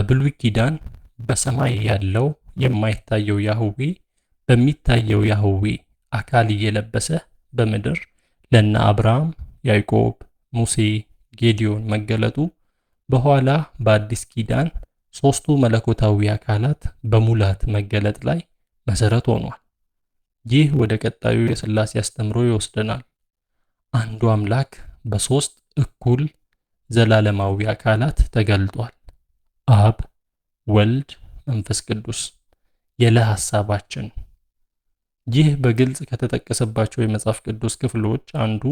በብሉይ ኪዳን በሰማይ ያለው የማይታየው ያህዌ በሚታየው ያህዌ አካል እየለበሰ በምድር ለነ አብርሃም፣ ያዕቆብ፣ ሙሴ፣ ጌዲዮን መገለጡ በኋላ በአዲስ ኪዳን ሦስቱ መለኮታዊ አካላት በሙላት መገለጥ ላይ መሠረት ሆኗል። ይህ ወደ ቀጣዩ የሥላሴ አስተምሮ ይወስደናል። አንዱ አምላክ በሦስት እኩል ዘላለማዊ አካላት ተገልጧል። አብ ወልድ መንፈስ ቅዱስ የለ ሐሳባችን ይህ በግልጽ ከተጠቀሰባቸው የመጽሐፍ ቅዱስ ክፍሎች አንዱ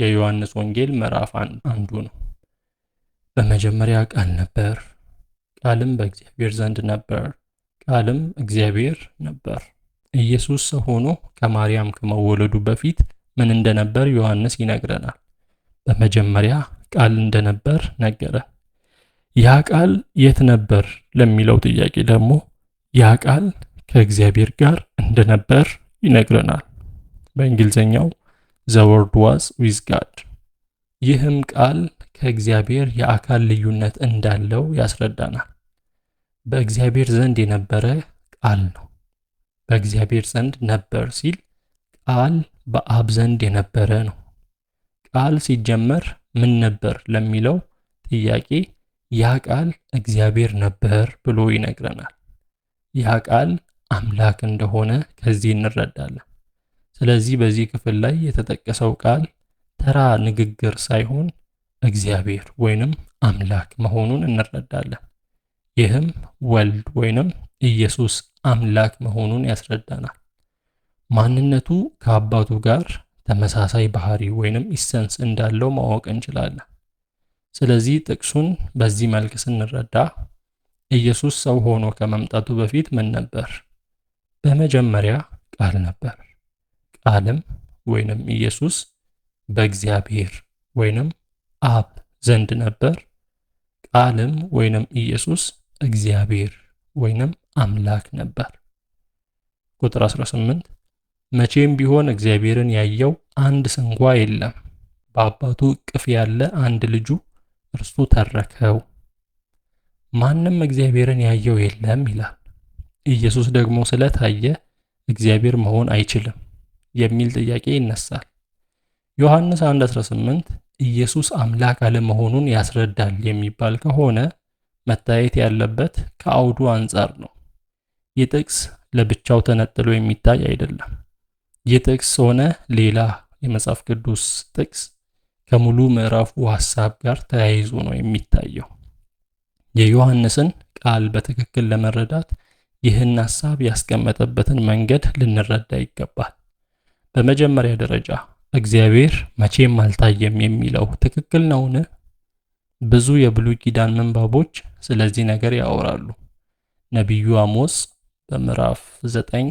የዮሐንስ ወንጌል ምዕራፍ አንዱ ነው። በመጀመሪያ ቃል ነበር፣ ቃልም በእግዚአብሔር ዘንድ ነበር፣ ቃልም እግዚአብሔር ነበር። ኢየሱስ ሰው ሆኖ ከማርያም ከመወለዱ በፊት ምን እንደነበር ዮሐንስ ይነግረናል። በመጀመሪያ ቃል እንደነበር ነገረ። ያ ቃል የት ነበር ለሚለው ጥያቄ ደግሞ ያ ቃል ከእግዚአብሔር ጋር እንደነበር ይነግረናል። በእንግሊዝኛው the word was with God። ይህም ቃል ከእግዚአብሔር የአካል ልዩነት እንዳለው ያስረዳናል። በእግዚአብሔር ዘንድ የነበረ ቃል ነው። በእግዚአብሔር ዘንድ ነበር ሲል ቃል በአብ ዘንድ የነበረ ነው። ቃል ሲጀመር ምን ነበር ለሚለው ጥያቄ ያ ቃል እግዚአብሔር ነበር ብሎ ይነግረናል። ያ ቃል አምላክ እንደሆነ ከዚህ እንረዳለን። ስለዚህ በዚህ ክፍል ላይ የተጠቀሰው ቃል ተራ ንግግር ሳይሆን እግዚአብሔር ወይንም አምላክ መሆኑን እንረዳለን። ይህም ወልድ ወይንም ኢየሱስ አምላክ መሆኑን ያስረዳናል። ማንነቱ ከአባቱ ጋር ተመሳሳይ ባህሪ ወይንም ኢሰንስ እንዳለው ማወቅ እንችላለን። ስለዚህ ጥቅሱን በዚህ መልክ ስንረዳ ኢየሱስ ሰው ሆኖ ከመምጣቱ በፊት ምን ነበር? በመጀመሪያ ቃል ነበር። ቃልም ወይንም ኢየሱስ በእግዚአብሔር ወይንም አብ ዘንድ ነበር። ቃልም ወይንም ኢየሱስ እግዚአብሔር ወይንም አምላክ ነበር። ቁጥር 18 መቼም ቢሆን እግዚአብሔርን ያየው አንድ ስንኳ የለም። በአባቱ እቅፍ ያለ አንድ ልጁ እርሱ ተረከው። ማንም እግዚአብሔርን ያየው የለም ይላል። ኢየሱስ ደግሞ ስለታየ እግዚአብሔር መሆን አይችልም የሚል ጥያቄ ይነሳል። ዮሐንስ 1:18 ኢየሱስ አምላክ አለመሆኑን ያስረዳል የሚባል ከሆነ መታየት ያለበት ከአውዱ አንጻር ነው። ይህ ጥቅስ ለብቻው ተነጥሎ የሚታይ አይደለም። ይህ ጥቅስ ሆነ ሌላ የመጽሐፍ ቅዱስ ጥቅስ ከሙሉ ምዕራፉ ሐሳብ ጋር ተያይዞ ነው የሚታየው። የዮሐንስን ቃል በትክክል ለመረዳት ይህን ሐሳብ ያስቀመጠበትን መንገድ ልንረዳ ይገባል። በመጀመሪያ ደረጃ እግዚአብሔር መቼም አልታየም የሚለው ትክክል ነውን? ብዙ የብሉይ ኪዳን ምንባቦች ስለዚህ ነገር ያወራሉ። ነቢዩ አሞስ በምዕራፍ 9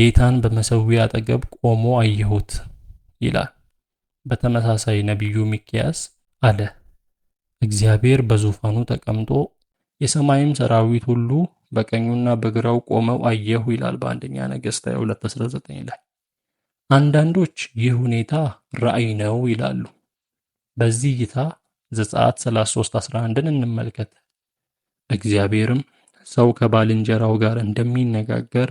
ጌታን በመሠዊያ አጠገብ ቆሞ አየሁት ይላል። በተመሳሳይ ነቢዩ ሚክያስ አለ፣ እግዚአብሔር በዙፋኑ ተቀምጦ የሰማይም ሰራዊት ሁሉ በቀኙና በግራው ቆመው አየሁ ይላል በአንደኛ ነገሥት 219 ላይ። አንዳንዶች ይህ ሁኔታ ራእይ ነው ይላሉ። በዚህ እይታ ዘጸአት 33፥11ን እንመልከት። እግዚአብሔርም ሰው ከባልንጀራው ጋር እንደሚነጋገር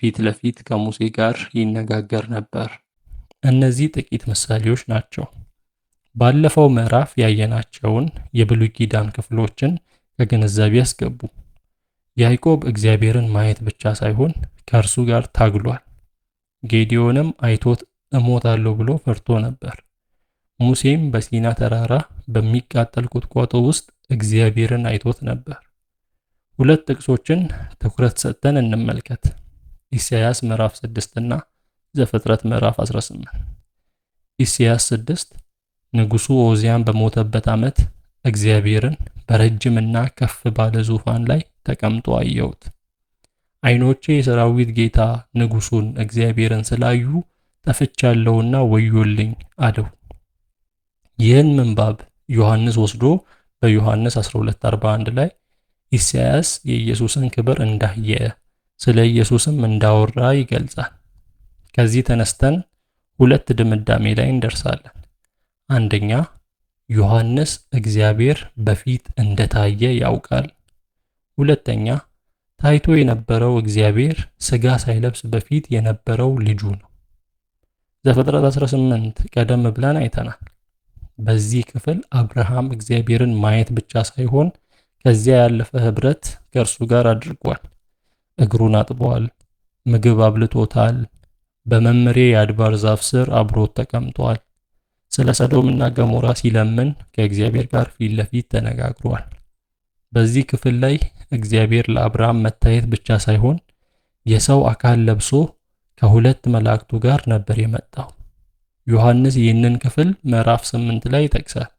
ፊት ለፊት ከሙሴ ጋር ይነጋገር ነበር። እነዚህ ጥቂት ምሳሌዎች ናቸው። ባለፈው ምዕራፍ ያየናቸውን የብሉይ ኪዳን ክፍሎችን ከግንዛቤ ያስገቡ። ያዕቆብ እግዚአብሔርን ማየት ብቻ ሳይሆን ከእርሱ ጋር ታግሏል። ጌዲዮንም አይቶት እሞታለሁ ብሎ ፈርቶ ነበር። ሙሴም በሲና ተራራ በሚቃጠል ቁጥቋጦ ውስጥ እግዚአብሔርን አይቶት ነበር። ሁለት ጥቅሶችን ትኩረት ሰጥተን እንመልከት። ኢሳያስ ምዕራፍ 6 እና ዘፍጥረት ምዕራፍ 18። ኢሳይያስ 6 ንጉሡ ኦዚያን በሞተበት ዓመት እግዚአብሔርን በረጅምና ከፍ ባለ ዙፋን ላይ ተቀምጦ አየሁት። ዓይኖቼ የሰራዊት ጌታ ንጉሡን እግዚአብሔርን ስላዩ ጠፍቻለሁና ወዮልኝ አለው። ይህን ምንባብ ዮሐንስ ወስዶ በዮሐንስ 12:41 ላይ ኢሳይያስ የኢየሱስን ክብር እንዳየ ስለ ኢየሱስም እንዳወራ ይገልጻል። ከዚህ ተነስተን ሁለት ድምዳሜ ላይ እንደርሳለን። አንደኛ ዮሐንስ እግዚአብሔር በፊት እንደታየ ያውቃል። ሁለተኛ ታይቶ የነበረው እግዚአብሔር ሥጋ ሳይለብስ በፊት የነበረው ልጁ ነው። ዘፍጥረት 18 ቀደም ብለን አይተናል። በዚህ ክፍል አብርሃም እግዚአብሔርን ማየት ብቻ ሳይሆን ከዚያ ያለፈ ኅብረት ከእርሱ ጋር አድርጓል። እግሩን አጥቧል፣ ምግብ አብልቶታል፣ በመምሬ የአድባር ዛፍ ስር አብሮት ተቀምጧል። ስለ ሰዶምና ገሞራ ሲለምን ከእግዚአብሔር ጋር ፊት ለፊት ተነጋግሯል። በዚህ ክፍል ላይ እግዚአብሔር ለአብርሃም መታየት ብቻ ሳይሆን የሰው አካል ለብሶ ከሁለት መላእክቱ ጋር ነበር የመጣው። ዮሐንስ ይህንን ክፍል ምዕራፍ ስምንት ላይ ይጠቅሳል።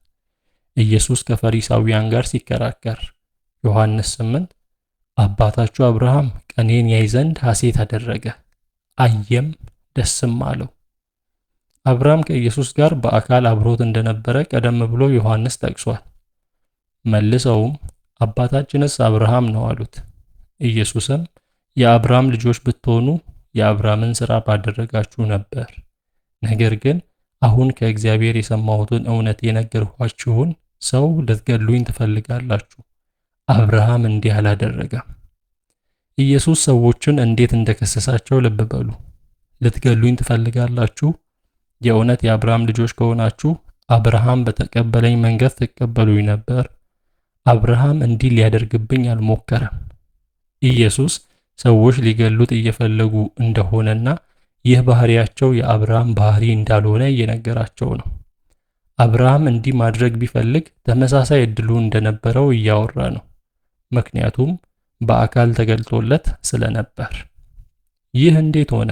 ኢየሱስ ከፈሪሳውያን ጋር ሲከራከር ዮሐንስ ስምንት አባታችሁ አብርሃም ቀኔን ያይ ዘንድ ሐሴት አደረገ አየም ደስም አለው። አብርሃም ከኢየሱስ ጋር በአካል አብሮት እንደነበረ ቀደም ብሎ ዮሐንስ ጠቅሷል። መልሰውም አባታችንስ አብርሃም ነው አሉት። ኢየሱስም የአብርሃም ልጆች ብትሆኑ የአብርሃምን ሥራ ባደረጋችሁ ነበር። ነገር ግን አሁን ከእግዚአብሔር የሰማሁትን እውነት የነገርኋችሁን ሰው ልትገሉኝ ትፈልጋላችሁ። አብርሃም እንዲህ አላደረገም። ኢየሱስ ሰዎችን እንዴት እንደከሰሳቸው ልብ በሉ። ልትገሉኝ ትፈልጋላችሁ? የእውነት የአብርሃም ልጆች ከሆናችሁ አብርሃም በተቀበለኝ መንገድ ትቀበሉኝ ነበር። አብርሃም እንዲህ ሊያደርግብኝ አልሞከረም። ኢየሱስ ሰዎች ሊገሉት እየፈለጉ እንደሆነና ይህ ባህሪያቸው የአብርሃም ባህሪ እንዳልሆነ እየነገራቸው ነው። አብርሃም እንዲህ ማድረግ ቢፈልግ ተመሳሳይ እድሉ እንደነበረው እያወራ ነው። ምክንያቱም በአካል ተገልጦለት ስለነበር። ይህ እንዴት ሆነ?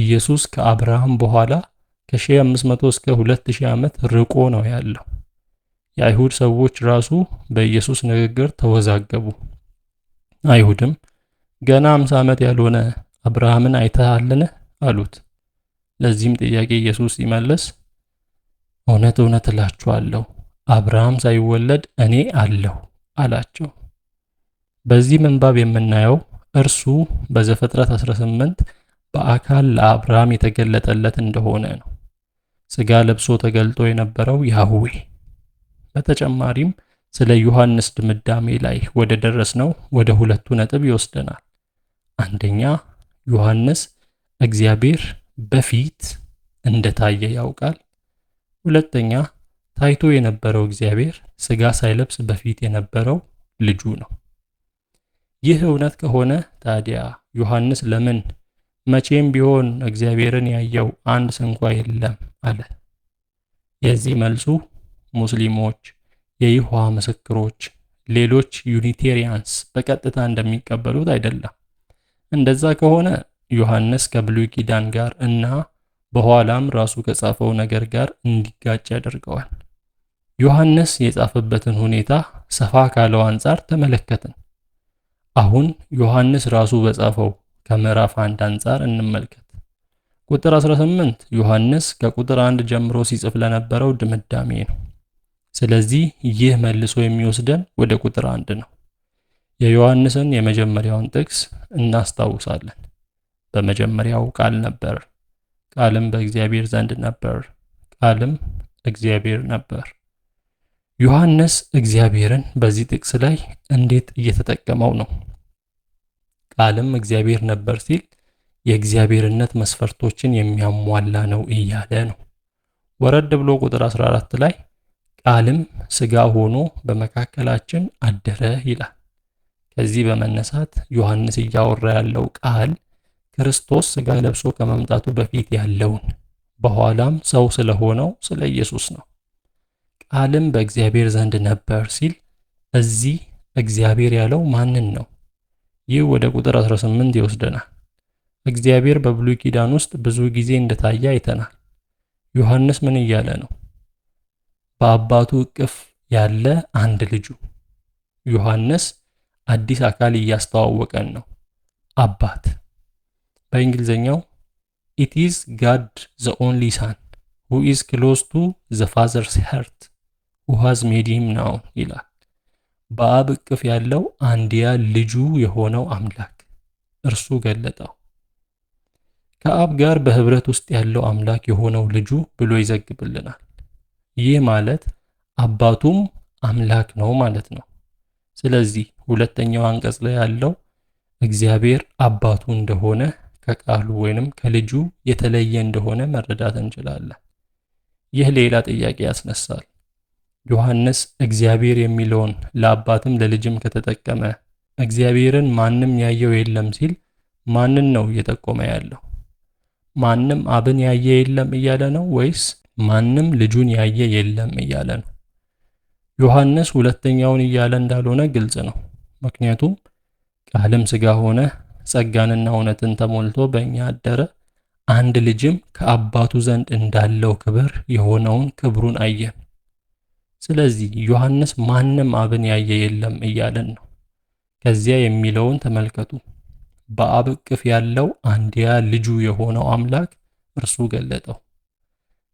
ኢየሱስ ከአብርሃም በኋላ ከ1500 እስከ 2000 ዓመት ርቆ ነው ያለው። የአይሁድ ሰዎች ራሱ በኢየሱስ ንግግር ተወዛገቡ። አይሁድም ገና 50 ዓመት ያልሆነ አብርሃምን አይተሃልን አሉት። ለዚህም ጥያቄ ኢየሱስ ሲመለስ እውነት እውነት እላችኋለሁ አብርሃም ሳይወለድ እኔ አለሁ አላቸው። በዚህ ምንባብ የምናየው እርሱ በዘፍጥረት 18 በአካል ለአብርሃም የተገለጠለት እንደሆነ ነው። ሥጋ ለብሶ ተገልጦ የነበረው ያህዌ። በተጨማሪም ስለ ዮሐንስ ድምዳሜ ላይ ወደ ደረስነው ወደ ሁለቱ ነጥብ ይወስደናል። አንደኛ ዮሐንስ እግዚአብሔር በፊት እንደታየ ያውቃል። ሁለተኛ ታይቶ የነበረው እግዚአብሔር ሥጋ ሳይለብስ በፊት የነበረው ልጁ ነው። ይህ እውነት ከሆነ ታዲያ ዮሐንስ ለምን መቼም ቢሆን እግዚአብሔርን ያየው አንድ ስንኳ የለም አለ። የዚህ መልሱ ሙስሊሞች፣ የይሖዋ ምስክሮች፣ ሌሎች ዩኒቴሪያንስ በቀጥታ እንደሚቀበሉት አይደለም። እንደዛ ከሆነ ዮሐንስ ከብሉይ ኪዳን ጋር እና በኋላም ራሱ ከጻፈው ነገር ጋር እንዲጋጭ ያደርገዋል። ዮሐንስ የጻፈበትን ሁኔታ ሰፋ ካለው አንጻር ተመለከትን። አሁን ዮሐንስ ራሱ በጻፈው ከምዕራፍ 1 አንጻር እንመልከት። ቁጥር 18 ዮሐንስ ከቁጥር 1 ጀምሮ ሲጽፍ ለነበረው ድምዳሜ ነው። ስለዚህ ይህ መልሶ የሚወስደን ወደ ቁጥር 1 ነው። የዮሐንስን የመጀመሪያውን ጥቅስ እናስታውሳለን። በመጀመሪያው ቃል ነበር፣ ቃልም በእግዚአብሔር ዘንድ ነበር፣ ቃልም እግዚአብሔር ነበር። ዮሐንስ እግዚአብሔርን በዚህ ጥቅስ ላይ እንዴት እየተጠቀመው ነው? ቃልም እግዚአብሔር ነበር ሲል የእግዚአብሔርነት መስፈርቶችን የሚያሟላ ነው እያለ ነው። ወረድ ብሎ ቁጥር 14 ላይ ቃልም ስጋ ሆኖ በመካከላችን አደረ ይላል። ከዚህ በመነሳት ዮሐንስ እያወራ ያለው ቃል ክርስቶስ ስጋ ለብሶ ከመምጣቱ በፊት ያለውን በኋላም ሰው ስለሆነው ስለ ኢየሱስ ነው። ቃልም በእግዚአብሔር ዘንድ ነበር ሲል እዚህ እግዚአብሔር ያለው ማንን ነው? ይህ ወደ ቁጥር 18 ይወስደናል። እግዚአብሔር በብሉይ ኪዳን ውስጥ ብዙ ጊዜ እንደታየ አይተናል። ዮሐንስ ምን እያለ ነው? በአባቱ እቅፍ ያለ አንድ ልጁ ዮሐንስ አዲስ አካል እያስተዋወቀን ነው። አባት በእንግሊዝኛው it is God the only son who is close to the father's heart who has made him ናውን ይላል። በአብ እቅፍ ያለው አንድያ ልጁ የሆነው አምላክ እርሱ ገለጠው። ከአብ ጋር በህብረት ውስጥ ያለው አምላክ የሆነው ልጁ ብሎ ይዘግብልናል። ይህ ማለት አባቱም አምላክ ነው ማለት ነው። ስለዚህ ሁለተኛው አንቀጽ ላይ ያለው እግዚአብሔር አባቱ እንደሆነ ከቃሉ ወይንም ከልጁ የተለየ እንደሆነ መረዳት እንችላለን። ይህ ሌላ ጥያቄ ያስነሳል። ዮሐንስ እግዚአብሔር የሚለውን ለአባትም ለልጅም ከተጠቀመ እግዚአብሔርን ማንም ያየው የለም ሲል ማንን ነው እየጠቆመ ያለው? ማንም አብን ያየ የለም እያለ ነው ወይስ ማንም ልጁን ያየ የለም እያለ ነው? ዮሐንስ ሁለተኛውን እያለ እንዳልሆነ ግልጽ ነው። ምክንያቱም ቃልም ሥጋ ሆነ ጸጋንና እውነትን ተሞልቶ በእኛ አደረ፣ አንድ ልጅም ከአባቱ ዘንድ እንዳለው ክብር የሆነውን ክብሩን አየን። ስለዚህ ዮሐንስ ማንም አብን ያየ የለም እያለን ነው። ከዚያ የሚለውን ተመልከቱ። በአብ እቅፍ ያለው አንድያ ልጁ የሆነው አምላክ እርሱ ገለጠው።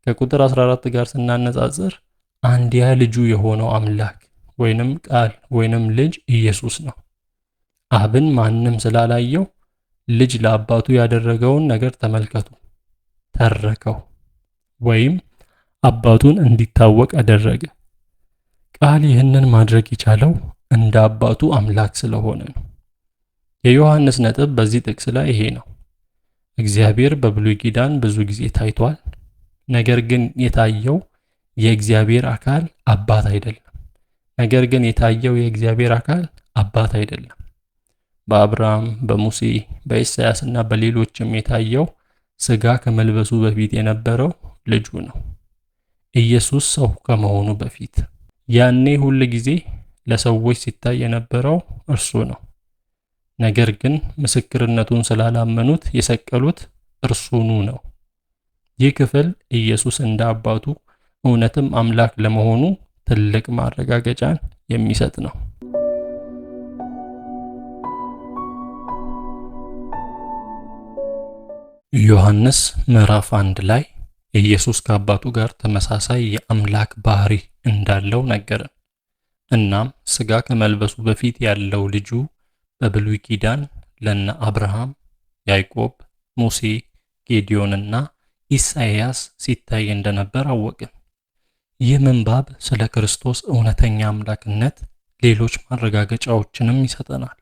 ከቁጥር 14 ጋር ስናነጻጽር አንድያ ልጁ የሆነው አምላክ ወይንም ቃል ወይንም ልጅ ኢየሱስ ነው። አብን ማንም ስላላየው ልጅ ለአባቱ ያደረገውን ነገር ተመልከቱ። ተረከው ወይም አባቱን እንዲታወቅ አደረገ። ቃል ይህንን ማድረግ የቻለው እንደ አባቱ አምላክ ስለሆነ ነው። የዮሐንስ ነጥብ በዚህ ጥቅስ ላይ ይሄ ነው። እግዚአብሔር በብሉይ ኪዳን ብዙ ጊዜ ታይቷል። ነገር ግን የታየው የእግዚአብሔር አካል አባት አይደለም። ነገር ግን የታየው የእግዚአብሔር አካል አባት አይደለም። በአብርሃም በሙሴ በኢሳያስ እና በሌሎችም የታየው ሥጋ ከመልበሱ በፊት የነበረው ልጁ ነው፣ ኢየሱስ ሰው ከመሆኑ በፊት ያኔ ሁል ጊዜ ለሰዎች ሲታይ የነበረው እርሱ ነው። ነገር ግን ምስክርነቱን ስላላመኑት የሰቀሉት እርሱኑ ነው። ይህ ክፍል ኢየሱስ እንደ አባቱ እውነትም አምላክ ለመሆኑ ትልቅ ማረጋገጫን የሚሰጥ ነው። ዮሐንስ ምዕራፍ አንድ ላይ ኢየሱስ ከአባቱ ጋር ተመሳሳይ የአምላክ ባህሪ እንዳለው ነገረን። እናም ስጋ ከመልበሱ በፊት ያለው ልጁ በብሉይ ኪዳን ለነ አብርሃም፣ ያዕቆብ፣ ሙሴ፣ ጌዲዮንና ኢሳይያስ ሲታይ እንደነበር አወቅን። ይህ ምንባብ ስለ ክርስቶስ እውነተኛ አምላክነት ሌሎች ማረጋገጫዎችንም ይሰጠናል።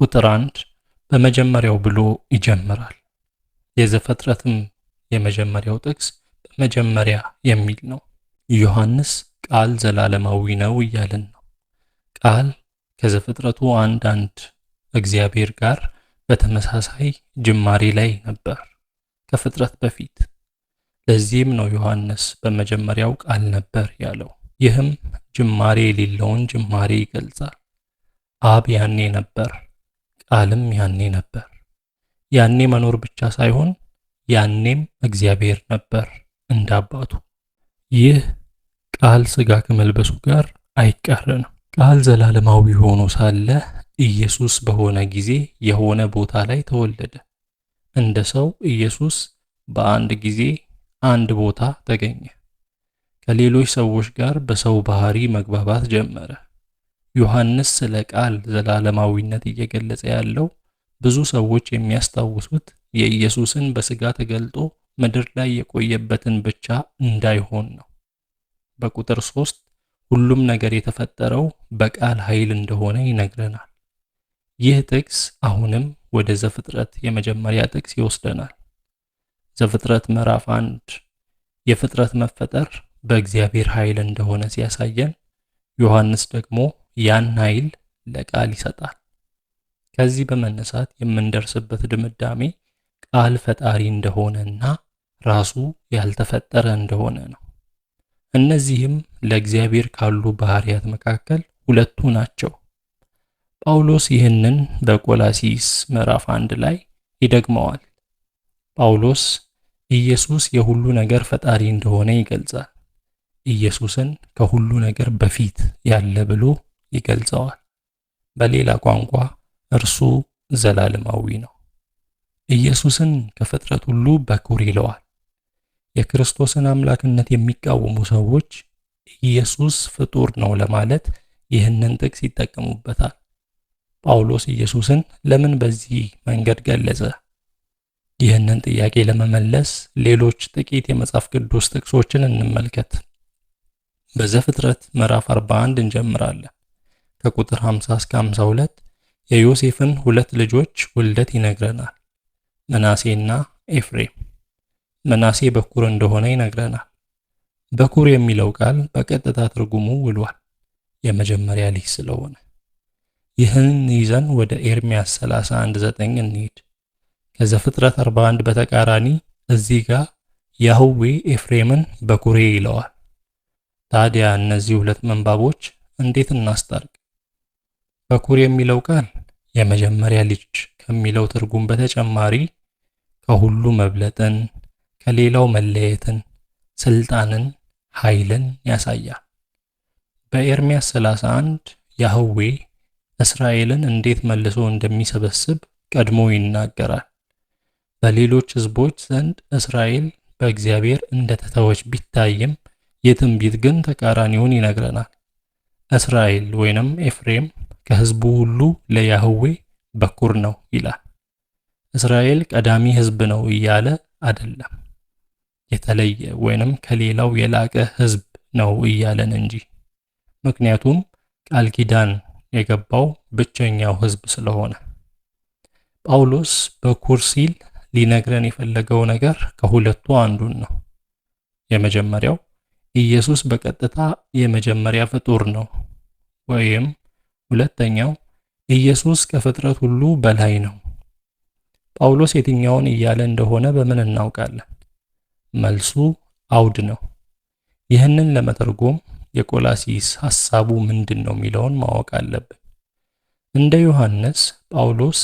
ቁጥር አንድ በመጀመሪያው ብሎ ይጀምራል። የዘፍጥረትም የመጀመሪያው ጥቅስ በመጀመሪያ የሚል ነው። ዮሐንስ ቃል ዘላለማዊ ነው እያልን ነው። ቃል ከዘፍጥረቱ አንዳንድ እግዚአብሔር ጋር በተመሳሳይ ጅማሬ ላይ ነበር ከፍጥረት በፊት። ለዚህም ነው ዮሐንስ በመጀመሪያው ቃል ነበር ያለው። ይህም ጅማሬ የሌለውን ጅማሬ ይገልጻል። አብ ያኔ ነበር፣ ቃልም ያኔ ነበር። ያኔ መኖር ብቻ ሳይሆን ያኔም እግዚአብሔር ነበር እንደ አባቱ። ይህ ቃል ስጋ ከመልበሱ ጋር አይቃረንም። ቃል ዘላለማዊ ሆኖ ሳለ ኢየሱስ በሆነ ጊዜ የሆነ ቦታ ላይ ተወለደ። እንደ ሰው ኢየሱስ በአንድ ጊዜ አንድ ቦታ ተገኘ። ከሌሎች ሰዎች ጋር በሰው ባህሪ መግባባት ጀመረ። ዮሐንስ ስለ ቃል ዘላለማዊነት እየገለጸ ያለው ብዙ ሰዎች የሚያስታውሱት የኢየሱስን በስጋ ተገልጦ ምድር ላይ የቆየበትን ብቻ እንዳይሆን ነው። በቁጥር ሶስት ሁሉም ነገር የተፈጠረው በቃል ኃይል እንደሆነ ይነግረናል። ይህ ጥቅስ አሁንም ወደ ዘፍጥረት የመጀመሪያ ጥቅስ ይወስደናል። ዘፍጥረት ምዕራፍ 1 የፍጥረት መፈጠር በእግዚአብሔር ኃይል እንደሆነ ሲያሳየን፣ ዮሐንስ ደግሞ ያን ኃይል ለቃል ይሰጣል። ከዚህ በመነሳት የምንደርስበት ድምዳሜ ቃል ፈጣሪ እንደሆነ እና ራሱ ያልተፈጠረ እንደሆነ ነው። እነዚህም ለእግዚአብሔር ካሉ ባህሪያት መካከል ሁለቱ ናቸው። ጳውሎስ ይህንን በቆላሲስ ምዕራፍ አንድ ላይ ይደግመዋል። ጳውሎስ ኢየሱስ የሁሉ ነገር ፈጣሪ እንደሆነ ይገልጻል። ኢየሱስን ከሁሉ ነገር በፊት ያለ ብሎ ይገልጸዋል። በሌላ ቋንቋ እርሱ ዘላለማዊ ነው። ኢየሱስን ከፍጥረት ሁሉ በኩር ይለዋል። የክርስቶስን አምላክነት የሚቃወሙ ሰዎች ኢየሱስ ፍጡር ነው ለማለት ይህንን ጥቅስ ይጠቀሙበታል። ጳውሎስ ኢየሱስን ለምን በዚህ መንገድ ገለጸ? ይህንን ጥያቄ ለመመለስ ሌሎች ጥቂት የመጽሐፍ ቅዱስ ጥቅሶችን እንመልከት። በዘፍጥረት ምዕራፍ 41 እንጀምራለን። ከቁጥር 50 እስከ 52 የዮሴፍን ሁለት ልጆች ውልደት ይነግረናል፣ መናሴና ኤፍሬም። መናሴ በኩር እንደሆነ ይነግረናል። በኩር የሚለው ቃል በቀጥታ ትርጉሙ ውሏል፣ የመጀመሪያ ልጅ ስለሆነ። ይህን ይዘን ወደ ኤርሚያስ 31:9 እንሂድ። ከዘፍጥረት 41 በተቃራኒ እዚህ ጋር ያህዌ ኤፍሬምን በኩሬ ይለዋል። ታዲያ እነዚህ ሁለት መንባቦች እንዴት እናስታርቅ? በኩር የሚለው ቃል የመጀመሪያ ልጅ ከሚለው ትርጉም በተጨማሪ ከሁሉ መብለጥን ከሌላው መለየትን፣ ስልጣንን፣ ኃይልን ያሳያል። በኤርምያስ 31 ያህዌ እስራኤልን እንዴት መልሶ እንደሚሰበስብ ቀድሞ ይናገራል። በሌሎች ሕዝቦች ዘንድ እስራኤል በእግዚአብሔር እንደተተወች ቢታይም የትንቢት ግን ተቃራኒውን ይነግረናል። እስራኤል ወይንም ኤፍሬም ከሕዝቡ ሁሉ ለያህዌ በኩር ነው ይላል። እስራኤል ቀዳሚ ሕዝብ ነው እያለ አይደለም። የተለየ ወይንም ከሌላው የላቀ ህዝብ ነው እያለን እንጂ። ምክንያቱም ቃል ኪዳን የገባው ብቸኛው ህዝብ ስለሆነ። ጳውሎስ በኩር ሲል ሊነግረን የፈለገው ነገር ከሁለቱ አንዱን ነው። የመጀመሪያው ኢየሱስ በቀጥታ የመጀመሪያ ፍጡር ነው፣ ወይም ሁለተኛው ኢየሱስ ከፍጥረት ሁሉ በላይ ነው። ጳውሎስ የትኛውን እያለ እንደሆነ በምን እናውቃለን? መልሱ አውድ ነው። ይህንን ለመተርጎም የቆላሲስ ሐሳቡ ምንድን ነው የሚለውን ማወቅ አለብን። እንደ ዮሐንስ ጳውሎስ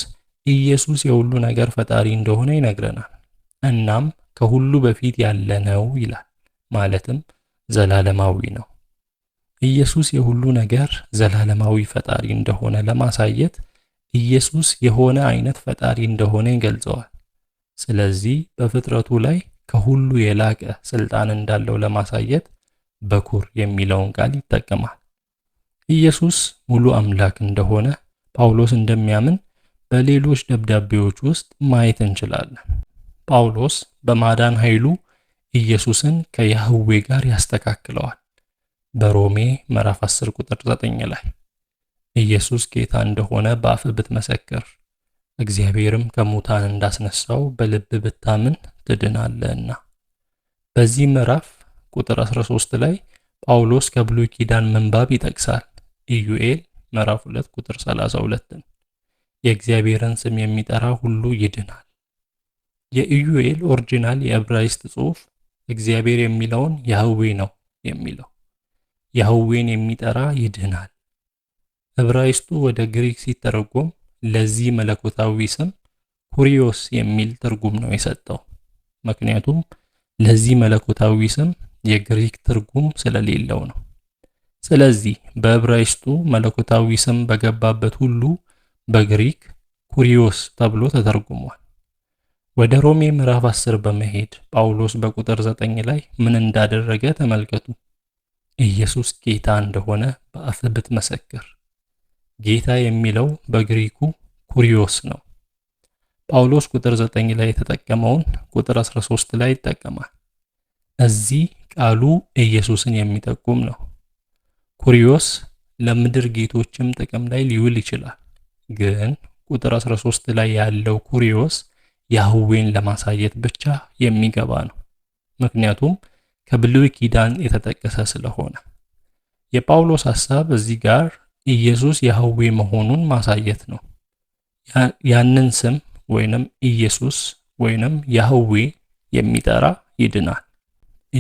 ኢየሱስ የሁሉ ነገር ፈጣሪ እንደሆነ ይነግረናል። እናም ከሁሉ በፊት ያለ ነው ይላል። ማለትም ዘላለማዊ ነው። ኢየሱስ የሁሉ ነገር ዘላለማዊ ፈጣሪ እንደሆነ ለማሳየት ኢየሱስ የሆነ አይነት ፈጣሪ እንደሆነ ይገልጸዋል። ስለዚህ በፍጥረቱ ላይ ከሁሉ የላቀ ስልጣን እንዳለው ለማሳየት በኩር የሚለውን ቃል ይጠቀማል። ኢየሱስ ሙሉ አምላክ እንደሆነ ጳውሎስ እንደሚያምን በሌሎች ደብዳቤዎች ውስጥ ማየት እንችላለን። ጳውሎስ በማዳን ኃይሉ ኢየሱስን ከያህዌ ጋር ያስተካክለዋል። በሮሜ ምዕራፍ 10 ቁጥር 9 ላይ ኢየሱስ ጌታ እንደሆነ በአፍ ብትመሰክር እግዚአብሔርም ከሙታን እንዳስነሳው በልብ ብታምን ትድናለህና። በዚህ ምዕራፍ ቁጥር 13 ላይ ጳውሎስ ከብሉይ ኪዳን ምንባብ ይጠቅሳል። ኢዩኤል ምዕራፍ 2 ቁጥር 32ን የእግዚአብሔርን ስም የሚጠራ ሁሉ ይድናል። የኢዩኤል ኦሪጂናል የዕብራይስጥ ጽሑፍ እግዚአብሔር የሚለውን ያህዌ ነው የሚለው። ያህዌን የሚጠራ ይድናል። ዕብራይስጡ ወደ ግሪክ ሲተረጎም ለዚህ መለኮታዊ ስም ኩሪዮስ የሚል ትርጉም ነው የሰጠው። ምክንያቱም ለዚህ መለኮታዊ ስም የግሪክ ትርጉም ስለሌለው ነው። ስለዚህ በዕብራይስጡ መለኮታዊ ስም በገባበት ሁሉ በግሪክ ኩሪዮስ ተብሎ ተተርጉሟል። ወደ ሮሜ ምዕራፍ 10 በመሄድ ጳውሎስ በቁጥር 9 ላይ ምን እንዳደረገ ተመልከቱ። ኢየሱስ ጌታ እንደሆነ በአፍብት ብትመሰክር ጌታ የሚለው በግሪኩ ኩሪዮስ ነው። ጳውሎስ ቁጥር 9 ላይ የተጠቀመውን ቁጥር 13 ላይ ይጠቀማል። እዚህ ቃሉ ኢየሱስን የሚጠቁም ነው። ኩሪዮስ ለምድር ጌቶችም ጥቅም ላይ ሊውል ይችላል። ግን ቁጥር 13 ላይ ያለው ኩሪዮስ ያህዌን ለማሳየት ብቻ የሚገባ ነው። ምክንያቱም ከብሉይ ኪዳን የተጠቀሰ ስለሆነ። የጳውሎስ ሐሳብ እዚህ ጋር ኢየሱስ ያህዌ መሆኑን ማሳየት ነው። ያንን ስም ወይንም ኢየሱስ ወይንም ያህዌ የሚጠራ ይድናል።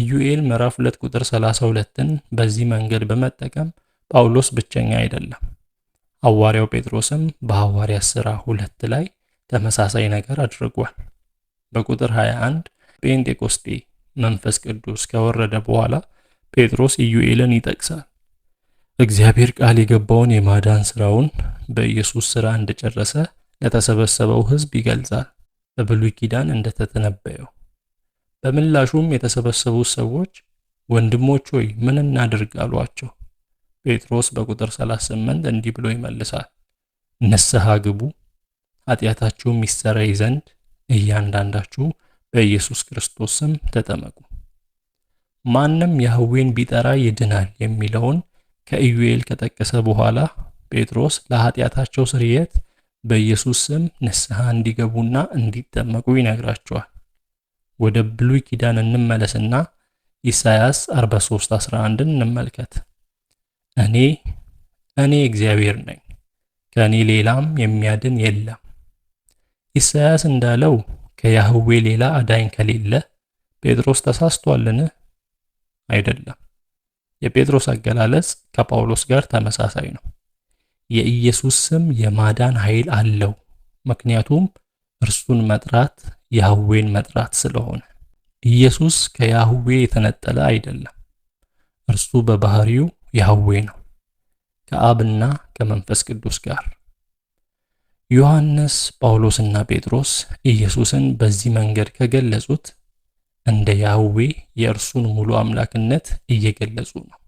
ኢዩኤል ምዕራፍ 2 ቁጥር 32ን በዚህ መንገድ በመጠቀም ጳውሎስ ብቸኛ አይደለም። ሐዋርያው ጴጥሮስም በሐዋርያ ሥራ 2 ላይ ተመሳሳይ ነገር አድርጓል። በቁጥር 21 ጴንጤቆስጤ መንፈስ ቅዱስ ከወረደ በኋላ ጴጥሮስ ኢዩኤልን ይጠቅሳል። እግዚአብሔር ቃል የገባውን የማዳን ሥራውን በኢየሱስ ስራ እንደጨረሰ ለተሰበሰበው ሕዝብ ይገልጻል። በብሉይ ኪዳን እንደተተነበየው። በምላሹም የተሰበሰቡት ሰዎች ወንድሞች ሆይ ምን እናድርግ አሏቸው። ጴጥሮስ በቁጥር 38 እንዲህ ብሎ ይመልሳል፣ ንስሐ ግቡ ኃጢአታችሁም ይሰረይ ዘንድ እያንዳንዳችሁ በኢየሱስ ክርስቶስ ስም ተጠመቁ። ማንም ያህዌን ቢጠራ ይድናል የሚለውን ከኢዩኤል ከጠቀሰ በኋላ ጴጥሮስ ለኃጢአታቸው ስርየት በኢየሱስ ስም ንስሐ እንዲገቡና እንዲጠመቁ ይነግራቸዋል። ወደ ብሉይ ኪዳን እንመለስና ኢሳያስ 43:11ን እንመልከት። እኔ እኔ እግዚአብሔር ነኝ፣ ከእኔ ሌላም የሚያድን የለም። ኢሳያስ እንዳለው ከያህዌ ሌላ አዳኝ ከሌለ ጴጥሮስ ተሳስቷልን? አይደለም። የጴጥሮስ አገላለጽ ከጳውሎስ ጋር ተመሳሳይ ነው። የኢየሱስ ስም የማዳን ኃይል አለው፣ ምክንያቱም እርሱን መጥራት ያህዌን መጥራት ስለሆነ። ኢየሱስ ከያህዌ የተነጠለ አይደለም። እርሱ በባህሪው ያህዌ ነው፣ ከአብና ከመንፈስ ቅዱስ ጋር። ዮሐንስ፣ ጳውሎስና ጴጥሮስ ኢየሱስን በዚህ መንገድ ከገለጹት እንደ ያህዌ የእርሱን ሙሉ አምላክነት እየገለጹ ነው።